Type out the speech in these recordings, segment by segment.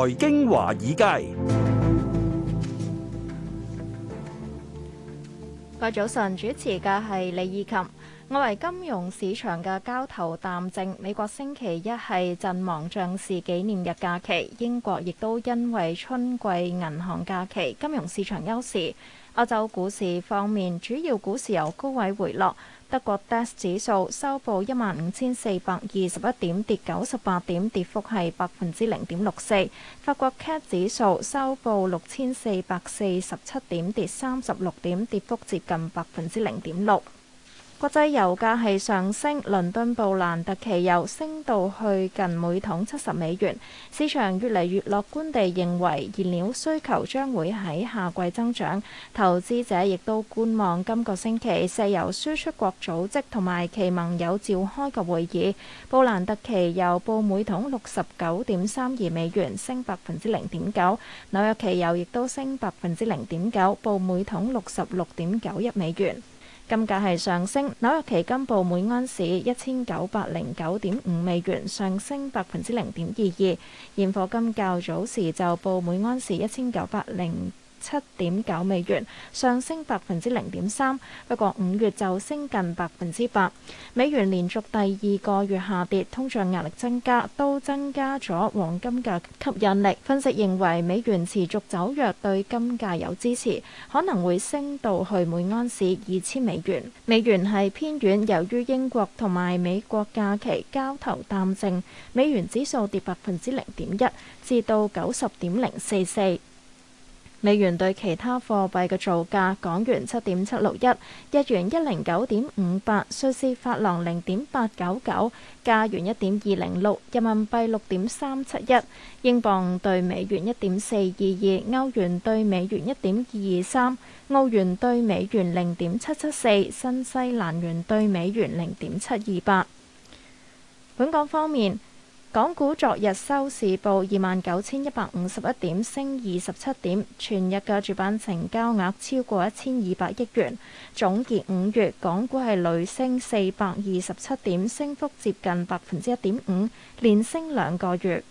財經華爾街，各位早晨，主持嘅係李意琴。外圍金融市場嘅交投淡靜。美國星期一係陣亡將士紀念日假期，英國亦都因為春季銀行假期，金融市場休市。亞洲股市方面，主要股市由高位回落。德國 DAX 指數收報一萬五千四百二十一點，跌九十八點，跌幅係百分之零點六四。法國 CAC 指數收報六千四百四十七點，跌三十六點，跌幅接近百分之零點六。國際油價係上升，倫敦布蘭特期油升到去近每桶七十美元。市場越嚟越樂觀地認為燃料需求將會喺夏季增長，投資者亦都觀望今個星期石油輸出國組織同埋其盟友召開嘅會議。布蘭特期油報每桶六十九點三二美元，升百分之零點九。紐約期油亦都升百分之零點九，報每桶六十六點九一美元。金價係上升，紐約期金報每安士一千九百零九點五美元，上升百分之零點二二。現貨金較早時就報每安士一千九百零七點九美元，上升百分之零點三，不過五月就升近百分之八。美元連續第二個月下跌，通脹壓力增加都增加咗黃金嘅吸引力。分析認為美元持續走弱對金價有支持，可能會升到去每安士二千美元。美元係偏軟，由於英國同埋美國假期交投淡靜，美元指數跌百分之零點一，至到九十點零四四。美元對其他貨幣嘅造價：港元七點七六一，日元一零九點五八，瑞士法郎零點八九九，加元一點二零六，人民幣六點三七一，英鎊對美元一點四二二，歐元對美元一點二二三，澳元對美元零點七七四，新西蘭元對美元零點七二八。本港方面。港股昨日收市報二萬九千一百五十一點，升二十七點，全日嘅主板成交額超過一千二百億元。總結五月，港股係累升四百二十七點，升幅接近百分之一點五，連升兩個月。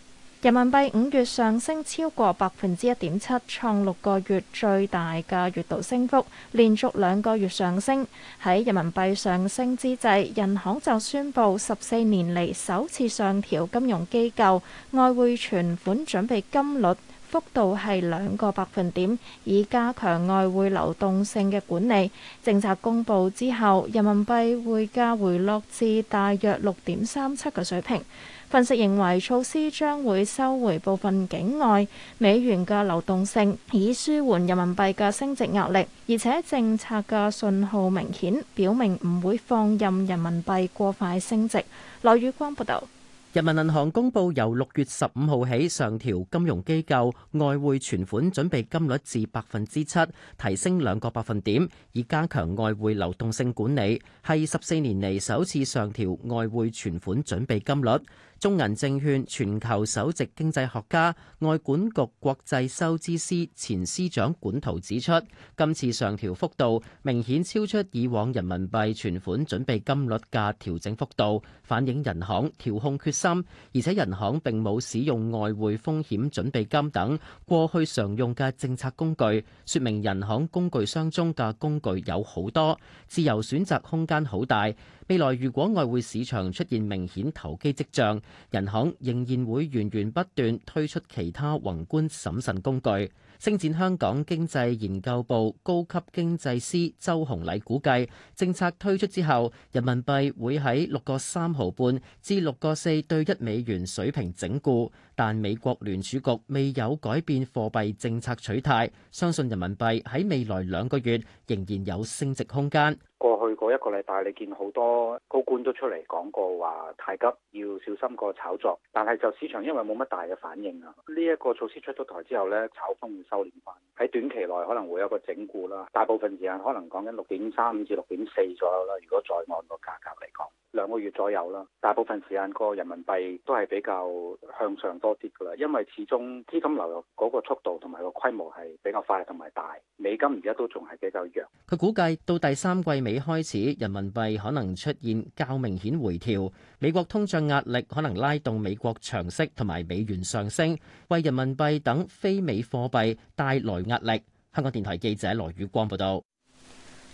人民幣五月上升超過百分之一點七，創六個月最大嘅月度升幅，連續兩個月上升。喺人民幣上升之際，人行就宣布十四年嚟首次上調金融機構外匯存款準備金率。幅度係兩個百分點，以加強外匯流動性嘅管理。政策公布之後，人民幣匯價回落至大約六點三七嘅水平。分析認為，措施將會收回部分境外美元嘅流動性，以舒緩人民幣嘅升值壓力，而且政策嘅信號明顯表明唔會放任人民幣過快升值。羅宇光報道。人民銀行公布，由六月十五號起上調金融機構外匯存款準備金率至百分之七，提升兩個百分點，以加強外匯流動性管理，係十四年嚟首次上調外匯存款準備金率。中銀證券全球首席經濟學家、外管局國際收支司前司長管濤指出，今次上調幅度明顯超出以往人民幣存款準備金率嘅調整幅度，反映人行調控決心，而且人行並冇使用外匯風險準備金等過去常用嘅政策工具，說明人行工具箱中嘅工具有好多，自由選擇空間好大。未來如果外匯市場出現明顯投機跡象，人行仍然會源源不斷推出其他宏觀審慎工具。星展香港經濟研究部高級經濟師周洪禮估計，政策推出之後，人民幣會喺六個三毫半至六個四對一美元水平整固，但美國聯儲局未有改變貨幣政策取態，相信人民幣喺未來兩個月仍然有升值空間。哦。去過一個禮拜，你見好多高官都出嚟講過話太急，要小心個炒作。但係就市場因為冇乜大嘅反應啊，呢一個措施出咗台之後呢，炒風會收斂翻。喺短期內可能會有個整固啦，大部分時間可能講緊六點三至六點四左右啦。如果再按個價格嚟講。兩個月左右啦，大部分時間個人民幣都係比較向上多啲㗎啦，因為始終資金流入嗰個速度同埋個規模係比較快同埋大。美金而家都仲係比較弱。佢估計到第三季尾開始，人民幣可能出現較明顯回調。美國通脹壓力可能拉動美國長息同埋美元上升，為人民幣等非美貨幣帶來壓力。香港電台記者羅宇光報道。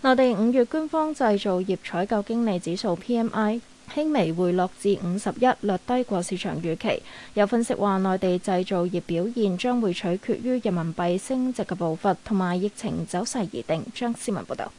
內地五月官方製造業採購經理指數 PMI 輕微回落至五十一，略低過市場預期。有分析話，內地製造業表現將會取決於人民幣升值嘅步伐同埋疫情走勢而定。張思文報導，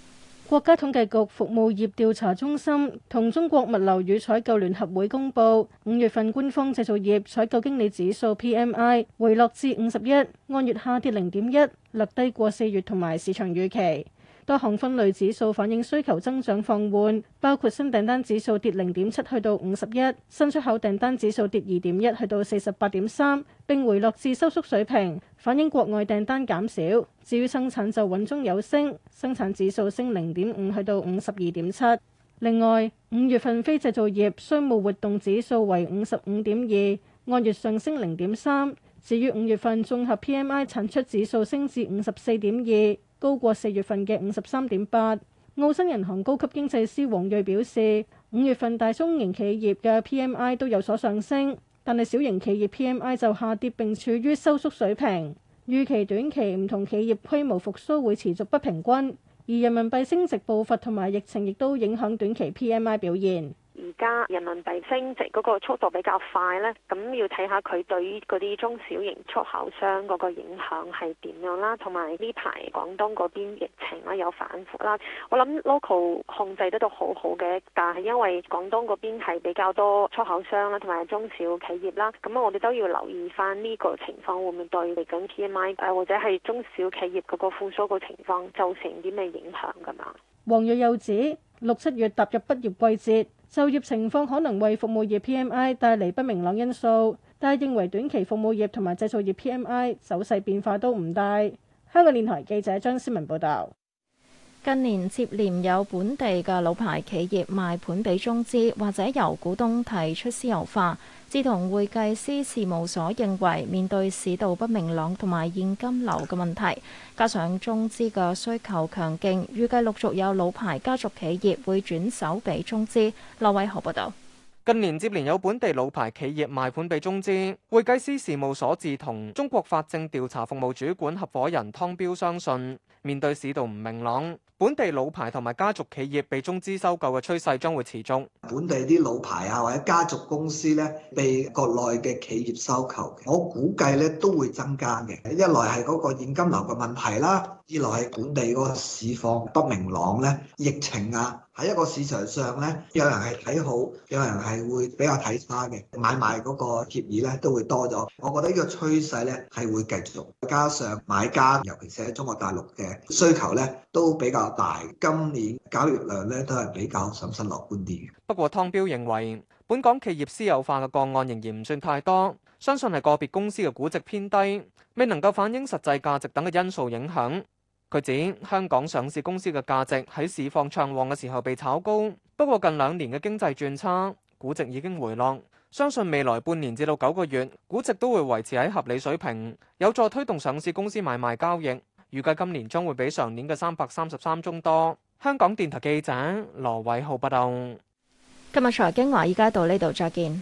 國家統計局服務業調查中心同中國物流與採購聯合會公佈，五月份官方製造業採購經理指數 PMI 回落至五十一，按月下跌零點一，略低過四月同埋市場預期。多項分類指數反映需求增長放緩，包括新訂單指數跌零點七，去到五十一；新出口訂單指數跌二點一，去到四十八點三，並回落至收縮水平，反映國外訂單減少。至於生產就穩中有升，生產指數升零點五，去到五十二點七。另外，五月份非製造業商務活動指數為五十五點二，按月上升零點三。至於五月份綜合 PMI 產出指數升至五十四點二。高過四月份嘅五十三點八。澳新銀行高級經濟師王瑞表示，五月份大中型企業嘅 PMI 都有所上升，但係小型企業 PMI 就下跌並處於收縮水平。預期短期唔同企業規模復甦會持續不平均，而人民幣升值步伐同埋疫情亦都影響短期 PMI 表現。而家人民幣升值嗰個速度比較快呢，咁要睇下佢對於嗰啲中小型出口商嗰個影響係點樣啦。同埋呢排廣東嗰邊疫情咧有反覆啦，我諗 local 控制得都好好嘅，但係因為廣東嗰邊係比較多出口商啦，同埋中小企業啦，咁我哋都要留意翻呢個情況會唔會對嚟緊 PMI 或者係中小企業嗰個復蘇個情況造成啲咩影響㗎嘛？黃若又指六七月踏入畢業季節。就業情況可能為服務業 PMI 帶嚟不明朗因素，但係認為短期服務業同埋製造業 PMI 走勢變化都唔大。香港電台記者張思文報道，近年接連有本地嘅老牌企業賣盤俾中資或者由股東提出私有化。志同會計師事務所認為，面對市道不明朗同埋現金流嘅問題，加上中資嘅需求強勁，預計陸續有老牌家族企業會轉手俾中資。羅偉豪報導。近年接連有本地老牌企業賣盤被中資會計師事務所致同中國法證調查服務主管合夥人湯彪相信，面對市道唔明朗，本地老牌同埋家族企業被中資收購嘅趨勢將會持續。本地啲老牌啊或者家族公司咧，被國內嘅企業收購，我估計咧都會增加嘅。一來係嗰個現金流嘅問題啦，二來係本地個市況不明朗咧，疫情啊喺一個市場上咧，有人係睇好，有人係。會比較睇差嘅買賣嗰個協議咧，都會多咗。我覺得呢個趨勢咧係會繼續，加上買家，尤其是喺中國大陸嘅需求咧都比較大，今年交易量咧都係比較審慎樂觀啲。不過湯彪認為，本港企業私有化嘅個案仍然唔算太多，相信係個別公司嘅估值偏低，未能夠反映實際價值等嘅因素影響。佢指香港上市公司嘅價值喺市況暢旺嘅時候被炒高，不過近兩年嘅經濟轉差，估值已經回落，相信未來半年至到九個月，估值都會維持喺合理水平，有助推動上市公司買賣交易。預計今年將會比上年嘅三百三十三宗多。香港電台記者羅偉浩報道。今日財經華爾街，依家到呢度再見。